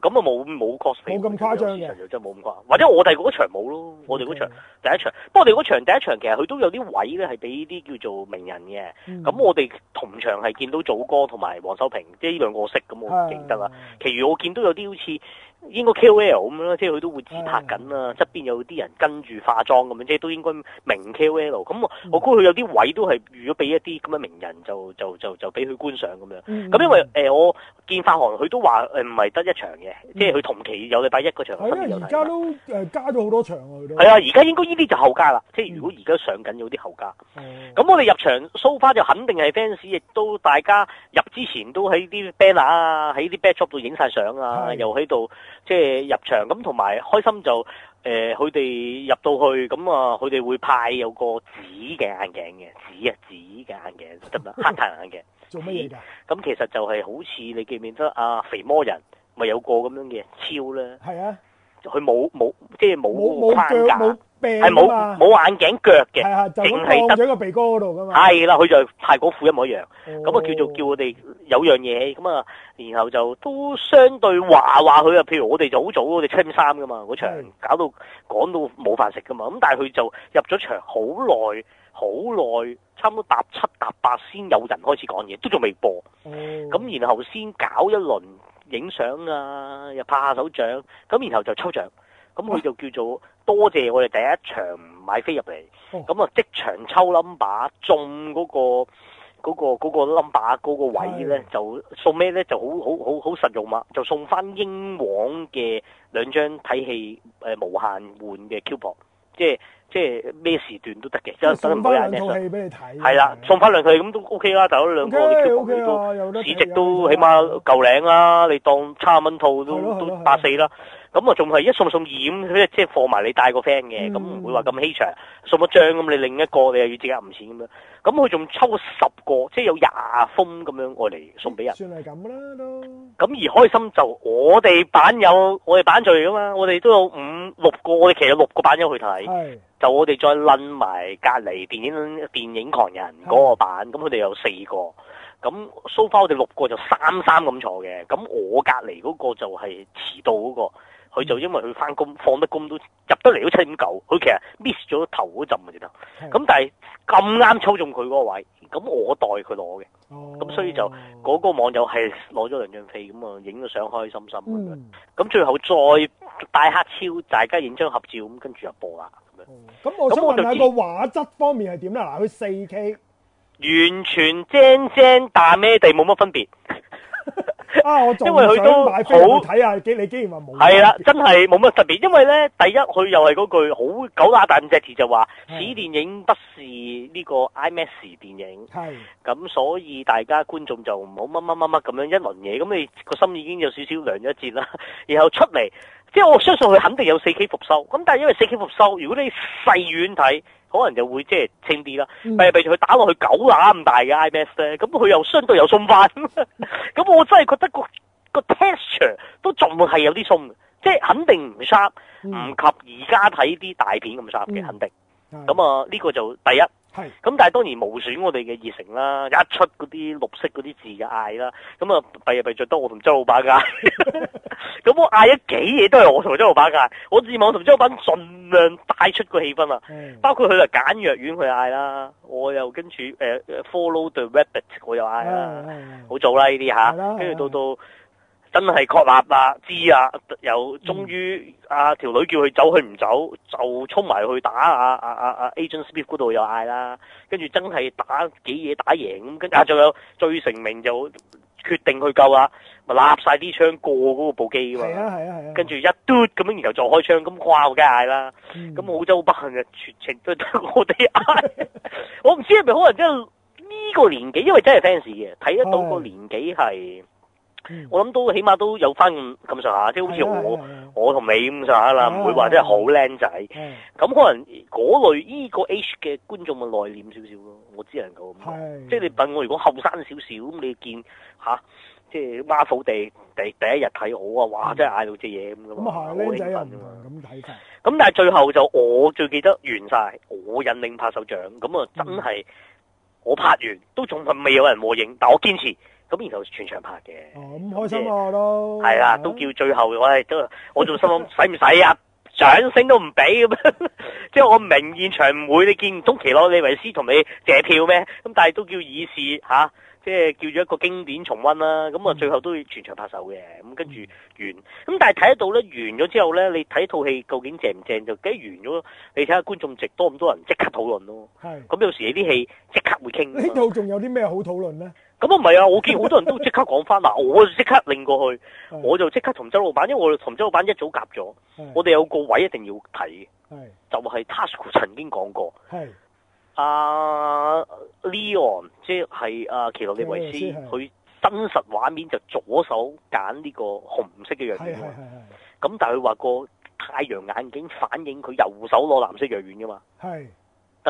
咁啊，冇冇 cosplay 冇咁誇張嘅，市場又真係冇咁誇，或者我哋嗰場冇咯。Okay，我哋嗰場第一場，不過我哋嗰場第一場其實佢都有啲位咧，係俾啲叫做名人嘅。咁、嗯、我哋同場係見到祖哥同埋黃秀平，嗯、即係呢兩個我識咁，我唔記得啦。哎、其餘我見到有啲好似。應該 KOL 咁樣啦，即係佢都會自拍緊啊。側、哎、邊有啲人跟住化妝咁樣，即係都應該明 KOL、嗯。咁我估佢有啲位都係預咗俾一啲咁嘅名人就，就就就就俾佢觀賞咁樣。咁、嗯、因為誒、嗯呃、我見發行佢都話誒唔係得一場嘅、嗯，即係佢同期有禮拜一嗰場而
家、嗯啊、都加咗好多場啊，佢都。係啊，而家應
該呢啲就後加啦、嗯。即係如果而家上緊有啲後加。咁、嗯嗯、我哋入場 so far 就肯定係 fans，亦都大家入之前都喺啲 banner 啊，喺啲 backdrop 度影晒相啊，嗯、又喺度。即係入場咁，同埋開心就誒，佢哋入到去咁啊，佢哋會派有個紫嘅眼鏡嘅紫啊，紫嘅眼鏡得啦， 黑太眼鏡。做咩嘅？咁其實就係好似你記唔記得啊？肥魔人咪有個咁樣嘅超呢？係啊，佢冇冇即係冇框架。
係冇冇
眼鏡腳嘅，淨係得個
鼻哥嗰度噶嘛。係啦，佢
就泰國褲一模一樣，
咁、哦、啊叫做
叫我哋有樣嘢咁啊，然後就都相對話話佢啊。譬如我哋就好早，我哋七點三噶嘛，嗰場搞到講到冇飯食噶嘛。咁但係佢就入咗場好耐，好耐，差唔多搭七搭八先有人開始講嘢，都仲未播。咁、嗯、然後先搞一輪影相啊，又拍下手掌，咁然後就抽獎。咁、哦、佢就叫做、哦、多謝我哋第一場買飛入嚟，咁、哦、啊即場抽 number 中嗰、嗰個嗰、嗰個嗰、嗰個 number 嗰、嗰個、位咧就送咩咧就好好好好實用嘛，就送翻、啊、英皇嘅兩張睇戲誒無限換嘅 coupon，即即咩時段都得嘅，即等唔會係俾你睇，
係啦，送
翻兩套咁都 OK 啦，okay, 大佬兩個嘅 coupon 佢都市值都起碼夠領啦，okay, okay. 你當差蚊套都都八四啦。咁啊，仲係一送送二，即係，即放埋你帶個 friend 嘅，咁、嗯、唔會話咁欺場，送咗張咁你另一個你又要自己揞唔錢咁樣，咁佢仲抽十個，即係有廿封咁樣愛嚟送俾人。算
係咁啦，
咁而開心就我哋版有我哋版聚噶嘛，我哋都有五六個，我哋其實六個版友去睇，就我哋再捻埋隔離電影電影狂人嗰個版，咁佢哋有四個，咁 so far 我哋六個就三三咁坐嘅，咁我隔籬嗰個就係遲到嗰個。佢就因為佢翻工，放得工都入得嚟都七點九，佢其實 miss 咗頭嗰陣嘅啫。咁但係咁啱抽中佢嗰位，咁我代佢攞嘅，咁、哦、所以就嗰個網友係攞咗兩張飛，咁啊影咗相開開心心咁
樣。
咁、嗯、最後再戴黑超，大家影張合照，咁跟住就播啦，咁，咁我想問下個
畫質方面係點咧？嗱，佢四 K
完全正正，大咩地冇乜分別。
啊、因為佢都好睇去睇你竟然話冇？係啦，
真係冇乜特別。因為咧，第一佢又係嗰句好狗打大五隻字就話，此電影不是呢個 IMAX 電影。係咁，所以大家觀眾就唔好乜乜乜乜咁樣一輪嘢。咁你個心已經有少少涼咗一截啦。然後出嚟，即係我相信佢肯定有四 K 復修。咁但係因為四 K 復修，如果你細院睇。可能就會即係清啲啦，弊就弊住佢打落去狗乸咁大嘅 IMAX 咧，咁佢又相對又鬆翻，咁 我真係覺得個個 texture 都仲係有啲鬆，即、就、係、是、肯定唔 sharp、嗯，唔及而家睇啲大片咁 sharp 嘅，肯定。咁啊，呢、嗯這個就第一。係，咁但係當然無損我哋嘅熱誠啦，一出嗰啲綠色嗰啲字嘅嗌啦，咁啊弊啊弊著都我同周老闆嗌，咁我嗌咗幾嘢都係我同周老闆嗌，我至望同周老闆盡量帶出個氣氛啊，包括佢就揀藥丸去嗌啦，我又跟住、呃、Follow the Rabbit 我又嗌啦，好早啦呢啲吓，跟住到到。真係確立啦，知啊！又終於啊條女叫佢走，佢唔走，就衝埋去打啊啊啊阿 Agent Smith 嗰度又嗌啦。跟住真係打幾嘢打贏咁跟住仲有最成名就決定去救啦，咪立晒啲槍過嗰部步機喎。啊係跟住一嘟咁樣，然後就開槍咁掛，我梗係嗌啦。咁、嗯、澳洲不幸嘅全程都係我哋嗌， 我唔知係咪可能真係呢個年紀，因為真係 fans 嘅睇得到個年紀係。 我諗都起碼都有翻，咁上下，即係好似我我同你咁上下啦，唔會話真係好靚仔。咁可能嗰類呢個 age 嘅觀眾嘅內斂少少咯。我只能夠咁，即係你問我如果後生少少咁，你見吓，啊，即係 Marvel 第第一日睇我啊，哇，真係嗌到隻嘢咁嘅，好興奮啊嘛。咁睇咁但係最後就我最記得完晒，我引領拍手掌，咁啊真係、嗯、我拍完都仲係未有人和應，但我堅持。咁然後全場拍嘅，
咁、嗯、開心、啊、我都
係啦、啊，都叫最後嘅話都我仲心諗使唔使啊？用用啊 掌聲都唔俾咁， 即係我明現場唔會你見唔通奇諾李維斯同你借票咩？咁但係都叫儀式，吓、啊，即係叫咗一個經典重溫啦。咁啊最後都要全場拍手嘅，咁跟住完。咁、嗯、但係睇得到咧，完咗之後咧，你睇套戲究竟正唔正就梗係完咗，你睇下觀眾席多咁多人即刻討論咯。咁有時你啲戲即刻會傾。呢套
仲有啲咩好討論咧？
咁啊唔係啊，我見好多人都即刻講翻嗱，我就即刻拎過去，我就即刻同周老闆，因為我同周老闆一早夾咗，我哋有個位一定要睇，
嘅，
就係、是、Tasco 曾經講過，阿、uh, Leon 即係阿、uh, 奇洛李維斯，佢真實畫面就左手揀呢個紅色嘅藥丸，咁但係佢話個太陽眼鏡反映佢右手攞藍色藥丸噶嘛。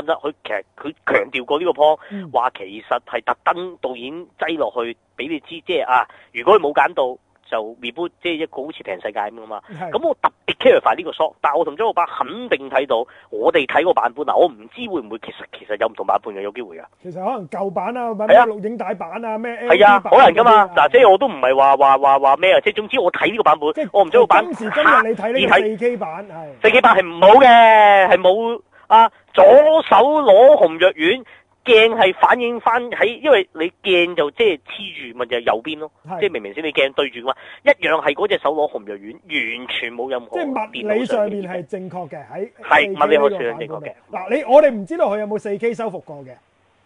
得佢其實佢強調過呢個 point，話其實係特登導演擠落去俾你知，即係啊！如果佢冇揀到，就搣盤，即係一個好似平行世界咁啊嘛。咁我特別 care 翻呢個 shot，但係我同張老闆肯定睇到我，我哋睇個版本嗱，我唔知會唔會其實其實有唔同版本嘅，有機會啊？其
實可能舊版啊，或啊，錄影帶版啊，咩？係啊，可能㗎嘛、
啊。嗱，即係我都唔係話話話話咩啊，即係總之我睇呢個版本，我唔知。今
時今日你睇呢個四 K 版
係四 K 版係唔好嘅，係冇。啊！左手攞紅藥丸鏡係反映翻喺，因為你鏡就即係黐住，咪就係、是、右邊咯。即係明明先你鏡對住嘛，一樣係嗰隻手攞紅藥丸，完全冇任何。即係物理上
面係正確嘅，喺物理上係正確嘅。嗱，你我哋唔知道佢有冇四 K 修復過嘅，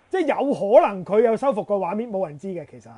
即係有可能佢有修復過畫面，冇人知嘅，其實係。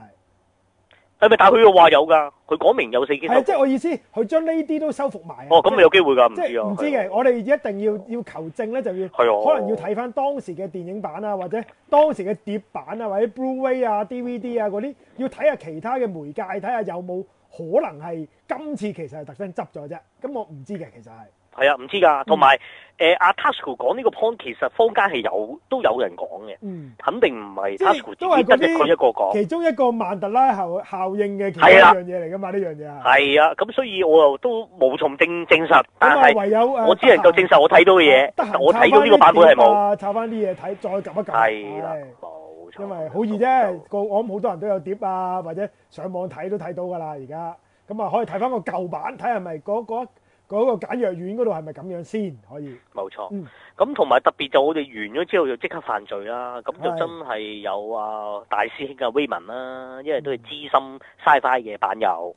係咪？但佢又話有㗎？佢講明有四件。係，即係
我意思，佢將呢啲都收復埋。哦，咁咪有機會㗎？唔知唔知嘅，我哋一定要要求證咧，就要可能要睇翻當時嘅電影版啊，或者當時嘅碟版啊，或者 Blu-ray 啊、DVD 啊嗰啲，要睇下其他嘅媒介，睇下有冇可能係今次其實係特登執咗啫。咁我唔知嘅，其實係。
係啊，唔知噶，同埋誒阿 Tasco 講呢個 point，其實坊間係有都有人講嘅，嗯，肯定唔係 Tasco 自己單一個一個講。其
中一個曼德拉效效應嘅係啦樣嘢嚟噶嘛呢樣嘢。
係啊，咁，啊啊啊，所以我又都無從證證，啊，實，但係我只能夠證實我睇到嘅嘢。得我睇到呢個版本係冇。
抄翻啲嘢睇，再撳一撳。係啦，啊，冇錯。因為好易啫，那個，我諗好多人都有碟啊，或者上網睇都睇到噶啦。而家咁啊，可以睇翻個舊版，睇係咪嗰嗰個簡藥院嗰度係咪咁樣先可以？
冇錯。嗯咁同埋特別就我哋完咗之後就即刻犯罪啦，咁就真係有啊大師兄啊威文啦，因為都係資深 Sci-Fi 嘅版友，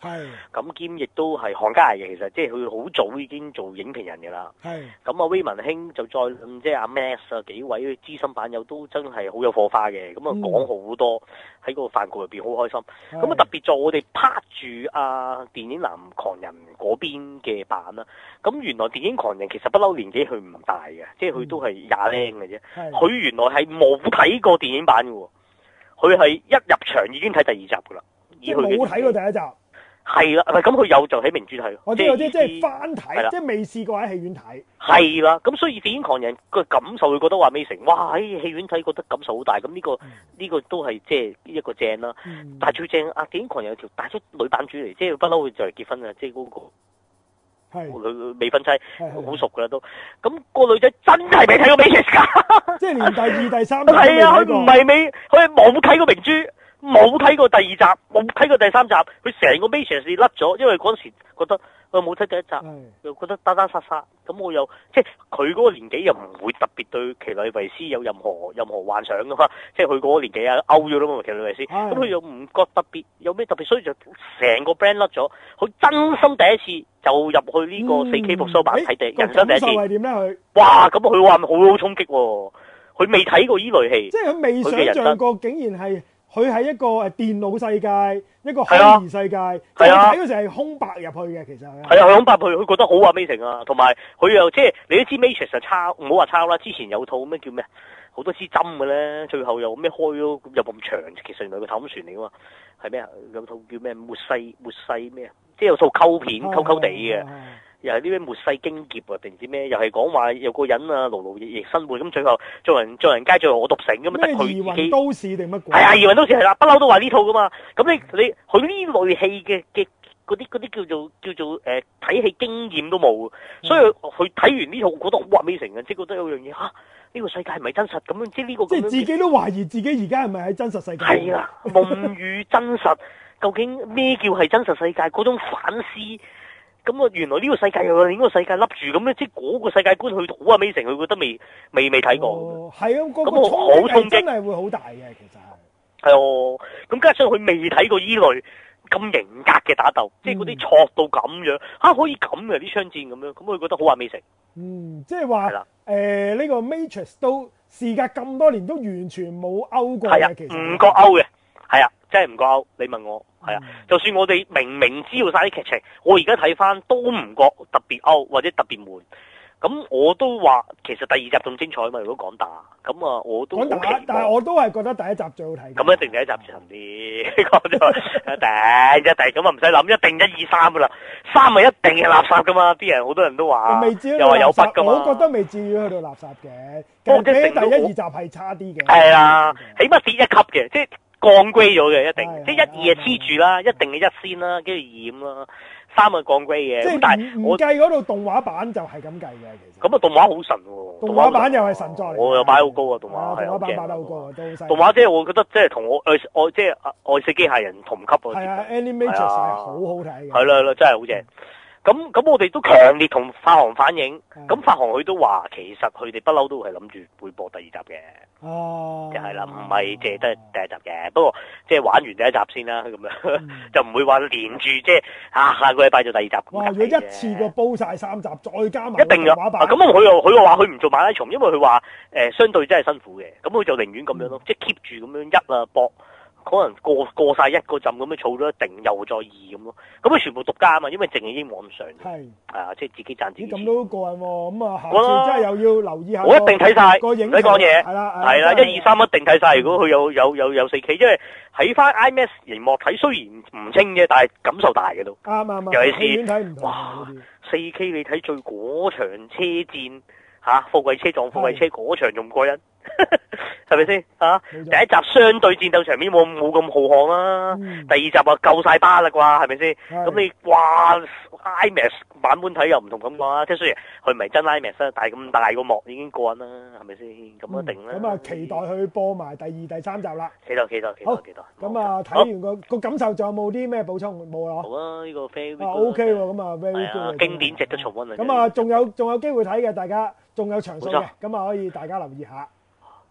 咁兼亦都係行家嚟嘅，其實即係佢好早已經做影評人嘅啦。咁啊威文兄就再即係阿 Max 啊幾位資深版友都真係好有火花嘅，咁、嗯、啊講好多喺個飯局入面好開心。咁啊特別就我哋拍住啊電影《男狂人》嗰邊嘅版啦，咁原來電影《狂人》其實不嬲年紀佢唔大嘅。即係佢都係廿零嘅啫，佢原來係冇睇過電影版嘅喎，佢係一入場已經睇第二集噶啦，即佢冇睇過第一集，係啦，係咁佢又就喺明珠睇咯，即係即係
翻睇，即係未試過喺戲院睇，係
啦，咁所以電影狂人個感受會覺得話未成，哇喺戲院睇覺得感受好大，咁呢、這個呢、嗯這個都係即係一個正啦、嗯，但係最正啊電影狂人有條帶出女版主嚟，即係不嬲會就嚟結婚啊，即係嗰、那個。未婚妻，好熟噶都。咁、那個女仔真係未睇過《Masters》噶，
即係第二、第三集，係 啊，佢唔係
未，佢冇睇過明珠，冇睇過第二集，冇睇過第三集，佢成個《Masters》甩咗，因為嗰時覺得。我冇睇第一集，又覺得打打殺殺，咁我又即係佢嗰個年紀又唔會特別對《奇女維斯》有任何任何幻想㗎嘛，即係佢嗰個年紀啊 out 咗啦嘛《奇女維斯》，咁佢又唔覺得特別有咩特別，所以就成個 brand 甩咗。佢真心第一次就入去呢個四 K 復修版睇第一人生第一次。佢、嗯欸、哇！咁佢話好好衝擊喎，佢未睇過呢類戲，即係佢未想像過
竟然係。佢係一個誒電腦世界，一個虛擬世界。你睇嗰時係空白入去嘅，其實係啊，佢
空白入去。佢覺得好啊，Amazing 啊，同埋佢又即係你都知 Matrix 就抄，唔好話抄啦。之前有套咩叫咩，好多支針嘅咧，最後又咩開咗，又咁長。其實原來個頭船嚟嘅嘛，係咩啊？有套叫咩末世末世咩啊？即係有套溝片溝溝地嘅。是又係呢啲末世經劫啊，定唔知咩？又係講話有個人啊，勞勞役役生活，咁最後做人做人街，最後我獨醒咁啊！得佢自己。疑雲都
市定乜鬼？係疑雲都市係啦，
不嬲、啊、都話呢、啊、套噶嘛。咁你你佢呢類戲嘅嘅嗰啲啲叫做叫做誒睇、呃、戲經驗都冇、嗯，所以佢睇完呢套覺得好未成啊，即係覺得有樣嘢嚇呢個世界係咪真實咁樣？即係呢個這。即係自己
都懷疑自己而家係咪喺真實世界？係啦、啊，夢與真實， 究
竟咩叫係真實世界？嗰種反思。咁啊，原來呢個世界有另一世界笠住咁咧，即係嗰個世界觀美，佢好啊 m 成佢覺得未未未睇過。
係、哦、啊，咁好衝，衝擊，真係會好大啊，其實係。
係哦，咁加上佢未睇過依類咁嚴格嘅打鬥，即係嗰啲挫到咁樣嚇可以咁嘅啲槍戰咁樣咁佢覺得好啊 m 成
t r i x 嗯，即係話呢個 Matrix 都試隔咁多年都完全冇 o 過 t 過其實唔過 o 嘅，
係啊，真係唔過 o u 你問我。係啊，就算、是、我哋明明知道晒啲劇情，我而家睇翻都唔覺特別歐或者特別悶。咁我都話其實第二集仲精彩嘛。如果講大咁啊，我都但係
我都係覺得第一集最好睇。
咁一定第一集行啲，講 咗 love 一一咁啊，唔使諗，一定一二三噶啦。三係一定係垃圾噶嘛，啲人好多人都話，又話有筆噶嘛。我覺
得未至於去到垃圾嘅，我覺得第一二集係差啲嘅。係啊，
起碼跌一級嘅，即係降 grade 咗嘅一定、 嗯嗯，即一二啊黐住啦、嗯，一定嘅一先啦，跟住二染啦，三個降 grade 嘅。即係
我計嗰度動畫版就係咁計嘅
其實。咁啊動畫好神喎，動畫版又係神作嚟、嗯啊。我又擺好高啊動畫係，動，畫、啊、動畫版
擺好高啊，都好細
動畫，即係我覺得即係同我外即係外星機械人同級嗰係
啊 animation 係好好睇，
係咯真係好正。欸欸呃呃呃呃呃呃呃咁咁我哋都強烈同發行反映，咁發行佢都話其實佢哋不嬲都係諗住會播第二集嘅、哦，就係、是、啦，唔係即係得第一集嘅，不過即係、就是、玩完第一集先啦咁樣，嗯、 就唔會話連住即係啊下個禮拜做第二集
哇！哦、一次過煲晒三集，再加埋一定嘅。咁佢又佢又話佢唔做馬拉松，因為佢話
誒相對真係辛苦嘅，咁佢就寧願咁樣咯、嗯，即係 keep 住咁樣一啊播可能過過晒一個陣咁樣儲咗一定，又再二咁咯。咁全部獨家啊嘛，因為淨嘢已經冇咁啊，即係自己賺自己錢。啲
咁都過癮喎，咁啊，嗯、真係又要留意一下一。我一定睇晒。你講嘢係啦，係啦，一
二三一定睇晒、嗯。如果佢有有有有四 K，即係喺翻 IMAX 熒幕睇，雖然唔清啫，但係感受大嘅都啱啱。尤其是哇，四 K 你睇最嗰場車戰嚇、啊，貨櫃車撞貨車貨櫃車嗰場仲過癮。係咪先吓？啊、第一集相對戰鬥場面冇冇咁浩瀚啦。第二集話夠晒巴啦啩，係咪先？咁你哇，IMAX 版本睇又唔同咁講啊。即雖然佢唔係真 IMAX，但係咁大個幕已經過癮啦，係咪先？咁一定啦。
咁啊，期待佢播埋第二、第三集啦。期待，
期待，期待，期
待。咁啊，睇完、那個、啊那個感受，仲有冇啲咩補充？冇啦。好啊，呢、這個啊 OK 喎。咁啊、那個、啊，
經典值得重溫咁啊，
仲、啊、有仲有機會睇嘅，大家仲有場數咁啊可以大家留意下。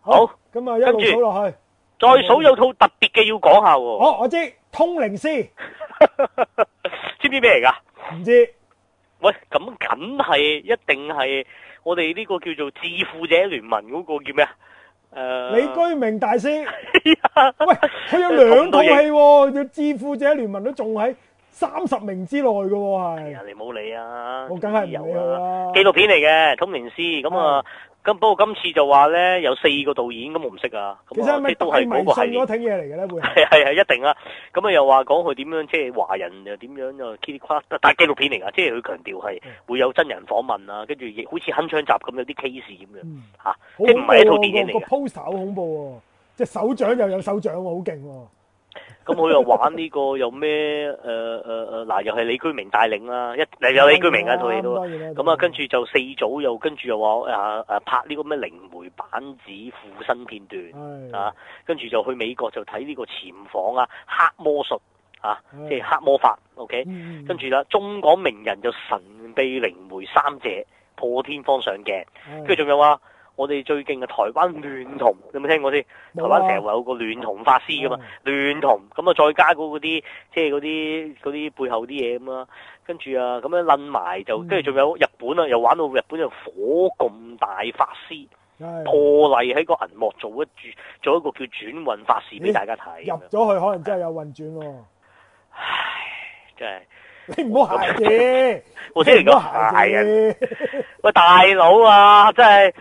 好，咁啊一路數落去。
再數有套
特別嘅要講下喎。哦，我知。
通靈師，
知唔知咩嚟噶？唔知。喂，咁梗係一定係我哋呢個叫做《致富者聯盟》嗰個叫咩啊？誒，李居
明大師。喂，佢有兩套戲喎，叫《致富者聯盟》都仲喺三十名之內㗎喎。你唔好理啊，我梗係唔理啦。紀錄片
嚟嘅通靈師，咁啊。咁不過今次就話咧有四個導演，咁我唔識啊。其實咪都係嗰個系列
攤嘢嚟嘅咧，會係係
係一定啊！咁啊又話講佢點樣即係華人又點樣又奇奇怪怪，但紀錄片嚟㗎，即係佢強調係會有真人訪問啊，跟住亦好似鏗鏘集咁有啲 case 咁樣吓。即唔係一套電影嚟。好、嗯啊嗯、恐怖嘅、啊、個
poster 好恐怖喎，啊，隻手掌又有手掌喎，好勁喎！
咁 我又玩呢個有咩？誒誒誒嗱，又係李居明帶領啦、啊，一有李居明啊套戲都。咁、嗯、啊、嗯嗯嗯，跟住就四組又跟住又話誒誒拍呢個咩靈媒板子附身片段啊，跟住就去美國就睇呢個潛訪啊黑魔術啊，即係黑魔法。OK，嗯、跟住啦、啊，中港名人就神秘靈媒三姐破天荒上鏡，跟住仲有啊。我哋最勁嘅台灣亂童，你有冇聽過先、
啊？台灣成日話
有個亂童法師噶嘛，亂童咁啊，再加嗰嗰啲即係嗰啲嗰啲背後啲嘢咁啦，跟住啊咁樣捻埋就，跟住仲有日本啦，又玩到日本就火咁大法師，破例喺個銀幕做一轉，做一個叫轉運法師俾大家睇。
入咗去可能真係有運轉喎。唉，真係你唔好閒事，我，、那個、 我真係講係啊， 喂
大佬啊，真係。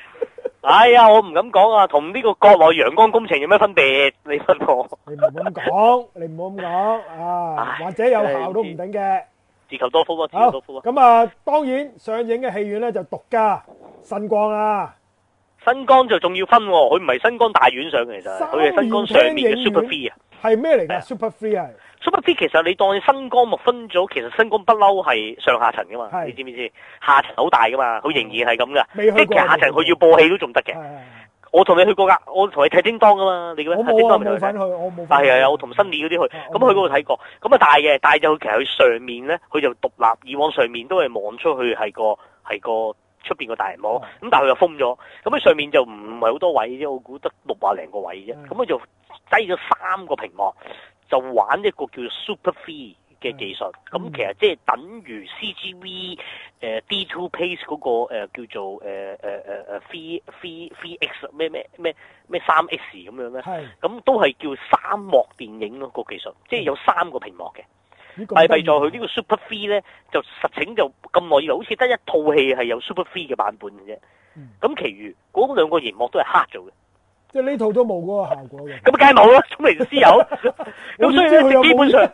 哎呀，我唔敢講啊，同呢個國內陽光工程有咩分別？你分我你，
你唔好咁講，你唔好咁講啊，或者有效都唔頂嘅，
自求多福啊，自求多福啊。
咁啊，當然上映嘅戲院咧就獨家新光啊，
新光就仲要分喎、啊，佢唔係新光大院上其實佢係新光上面嘅 super three 啊。
係咩嚟嘅？Super Free
啊！所不知，Free，其實你當你新光幕分咗，其實新光不嬲係上下層噶嘛，、啊嘛，啊啊啊、嘛，你知唔知？下層好大噶嘛，佢仍然係咁噶，即下層佢要播戲都仲得嘅。我同你去過㗎，我同你睇叮當㗎嘛？你嘅咩？我冇份去，我冇。但係又有我同新李嗰啲去，咁佢嗰度睇過，咁啊大嘅，大就其實佢上面咧，佢就獨立，以往上面都係望出去係個係個出邊個大銀幕，咁、啊、但係就封咗，咁佢上面就唔係好多位啫，我估得六百零個位啫，咁佢、啊、就。低咗三個屏幕就玩一個叫做 Super Free 嘅技術，咁、嗯、其實即係等於 C G V 誒、呃、D Two Pace 嗰、那個、呃、叫做誒誒誒誒 Three Three Three X 咩咩咩咩三 X 咁樣咧，咁都係叫三幕電影嗰個技術、嗯，即係有三個屏幕嘅，
弊在佢呢
個 Super Free 咧就實情就咁耐以來好似得一套戲係有 Super Free 嘅版本嘅啫，咁、嗯、其餘嗰兩個熒幕都係黑咗嘅。
即係呢套都冇嗰個效果嘅，咁梗係冇啦，聰明私友。咁 所以咧，基本上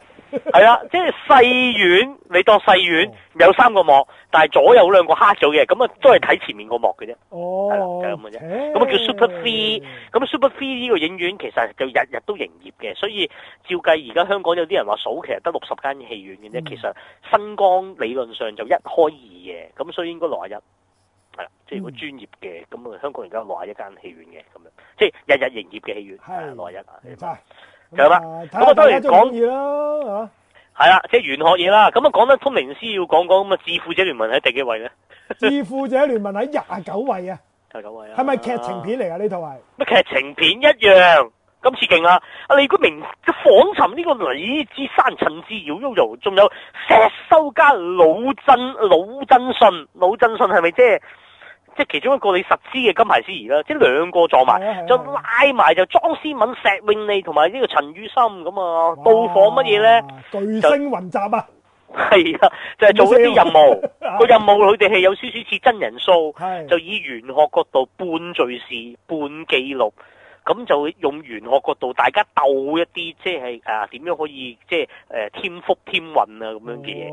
係啦，即係、
啊就是、細院，你當細院、哦、有三個幕，但係左右兩個黑咗嘅，咁啊都係睇前面個幕嘅啫。哦，係啦、啊，咁嘅啫。咁啊叫 Super Three，咁 Super Three 呢個影院其實就日日都營業嘅，所以照計而家香港有啲人話數其實得六十間戲院嘅啫、嗯。其實新光理論上就一開二嘅。咁所以應該六十一。係啦，即係如果專業嘅咁啊！香港而家羅亞一間戲院嘅咁樣，即係日日營業嘅戲院，羅
亞一間
看看啊，明白？咁啊當然講
嘢咯，
係啦，即係玄學嘢啦。咁啊，講得《通靈師要說說》要講講咁啊，《致富者聯盟》喺第幾位咧？
《致富者聯盟》喺廿九位啊，廿九位啊，係咪劇情片嚟啊？呢套係乜劇情
片一樣咁刺激啊！你李谷明嘅《訪尋》呢個李智山陳志搖悠悠，仲有石修加老真、老鎮信，老真信係咪啫？是即係其中一個你實施嘅金牌司儀啦，即係兩個撞埋，就拉埋就莊思敏、石永利同埋呢個陳宇森咁啊，到訪乜嘢咧？巨星
雲集啊！係啊，就
係、是、做一啲任務，個 任務佢哋係有少少似真人 show，就以玄學角度半敍事半記錄。咁就用玄學角度，大家鬥一啲即係啊點樣可以即係誒、呃、添福添運啊咁樣嘅嘢。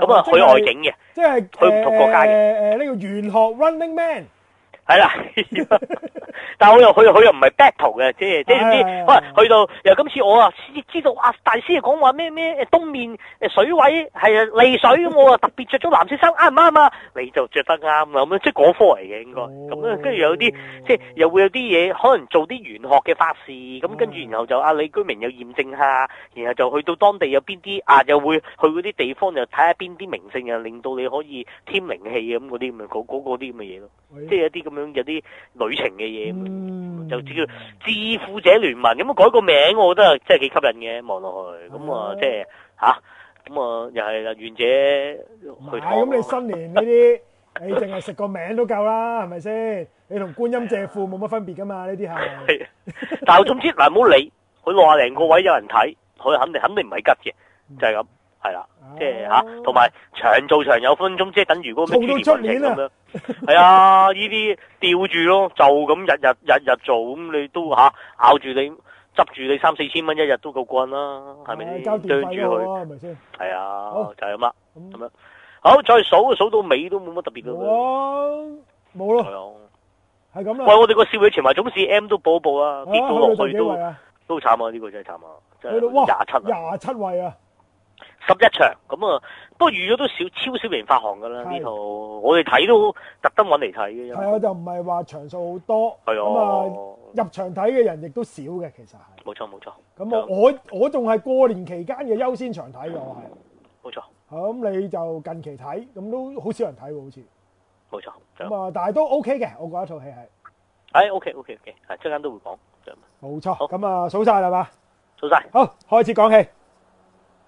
咁、哦、啊去外景嘅、哦，即係去唔同國家嘅呢個玄學 Running Man。
係啦，但係我又去，佢又唔係 battle 嘅，即係、哎、即係總之，哎、可能去到又今次我啊，知道阿大師講話咩咩東面水位係啊利水， 我啊特別着咗藍色衫啱唔啱啊？你就着得啱啊，咁樣即係嗰科嚟嘅應該，咁樣跟住有啲即係又會有啲嘢，可能做啲玄學嘅法事，咁跟住然後就啊、嗯，李居明又驗證下，然後就去到當地有邊啲、嗯、啊，又會去嗰啲地方又睇下邊啲名勝，又看看令到你可以添靈氣咁嗰啲咁嗰嗰嗰啲咁嘅嘢咯，即係有啲咁有啲旅程嘅嘢，就叫致富者聯盟咁啊，改個名，我覺得啊，真係幾吸引嘅。望落去
咁啊，即係
吓咁啊，又係啊，願者去睇。咁你新
年呢啲，你淨係食個名都夠啦，係咪先？你同觀音借庫冇乜分別㗎嘛？呢啲係。
但係總之，唔好理佢六啊零個位有人睇，佢肯定肯定唔係吉嘅，就係咁。係啦、啊，即係吓，同埋長做長有分鐘，即係等於個咩接力過程咁樣。係啊，呢啲吊住咯， 就咁日日日日做，咁你都吓咬住你執住你三四千蚊一日都夠棍啦，係咪？你對住佢，係咪先？係啊，啊是是啊是是啊就係咁啦，咁、嗯、樣好再數數到尾都冇乜特別嘅。冇、
啊，冇咯。係咁啦。喂，我哋個
少女情懷總是 M 都報一報啦，跌到落去都都慘啊！呢、啊這個真係慘啊，真啊到！
哇，廿七廿七位啊！
十一場咁啊，不過預咗都少超少年發行噶啦呢套，我哋睇都特登搵嚟睇嘅。係，我就
唔係話場數好多，咁啊入場睇嘅人亦都少嘅，其實
係。冇錯冇錯，
咁我我仲係過年期間嘅優先場睇嘅，係，係。冇錯，咁你就近期睇，咁都好少人睇好似。冇錯，咁啊，但係都 OK 嘅，我覺得套戲係。
哎，OK OK OK，係陣間都會講。
冇錯，好咁啊，數晒啦嘛，
數晒，好
開始講戲。